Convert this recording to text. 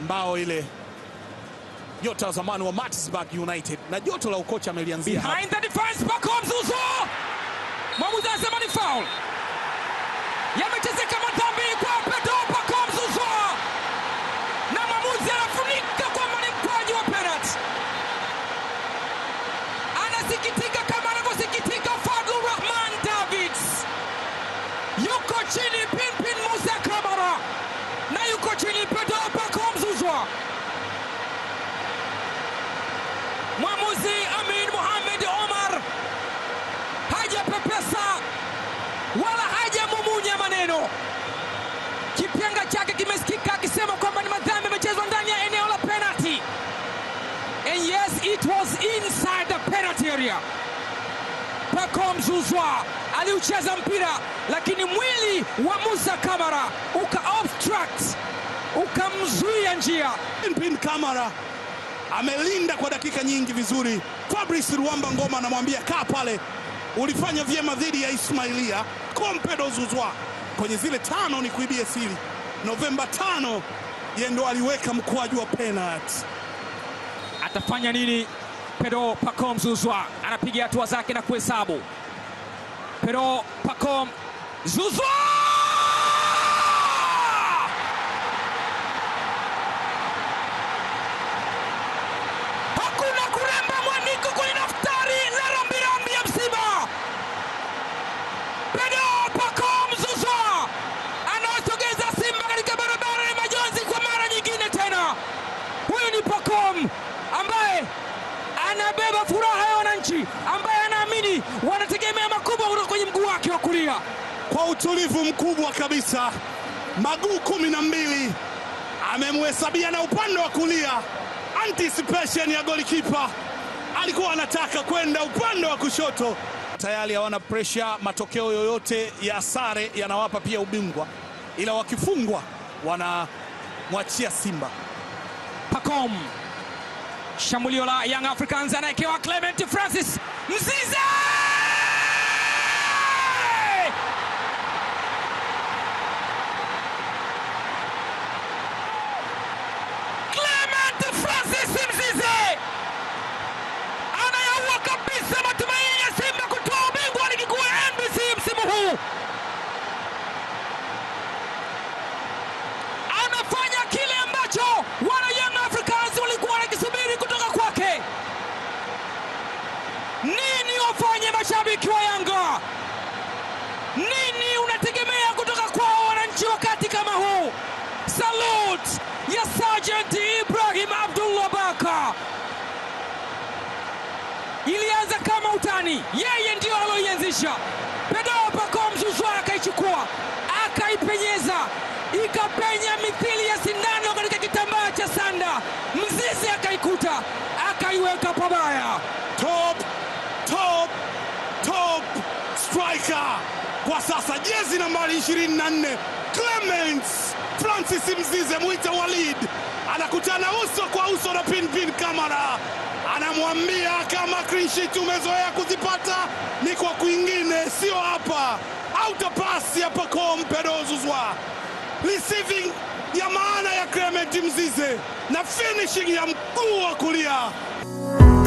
mbao ile nyota wa zamani wa Maritzburg United na joto la ukocha amelianzia behind the defense back comes Uzo. Mwamuzi anasema ni foul. Yamete hajapepesa wala hajamumunya maneno. Kipyenga chake kimesikika akisema kwamba ni madhambi amechezwa ndani ya eneo la penalty, and yes it was inside the penalty area. Pako Mzuzwa aliucheza mpira, lakini mwili wa Musa Kamara uka obstruct ukamzuia njia. Pin Kamara amelinda kwa dakika nyingi vizuri. Fabrice Ruamba Ngoma anamwambia kaa pale ulifanya vyema dhidi ya Ismailia Kompedo Zuzwa kwenye zile tano, ni kuibia siri. Novemba tano, yendo ndo aliweka mkwaju wa penalty. Atafanya nini? Pedro Pacom Zuzwa anapiga hatua zake na kuhesabu. Pedro Pacom Zuzwa wa furaha ya wananchi ambaye anaamini wanategemea makubwa kutoka kwenye mguu wake wa kulia. Kwa utulivu mkubwa kabisa, maguu kumi na mbili amemhesabia na upande wa kulia. Anticipation ya golikipa, alikuwa anataka kwenda upande wa kushoto. Tayari hawana presha, matokeo yoyote ya sare yanawapa pia ubingwa, ila wakifungwa wanamwachia Simba. Pacome Shambulio la Young Africans anaekewa Clement Francis Mzize boot ya Sergeant Ibrahim Abdullah Baka. Ilianza kama utani, yeye ndiyo aloianzisha. Pedro Pacome Zouzoua akaichukua, akaipenyeza, ikapenya mithili ya sindano katika kitambaa cha sanda, mzizi akaikuta, akaiweka pabaya. Top, top, top striker kwa sasa, jezi nambari 24 Clements. Francis Mzize, mwite Walid, anakutana uso kwa uso na Pinpin Kamara, anamwambia kama clean sheet umezoea kuzipata ni kwa kwingine, sio hapa. Autopasi ya Pacome Pedro receiving ya maana ya Clement Mzize na finishing ya mguu wa kulia.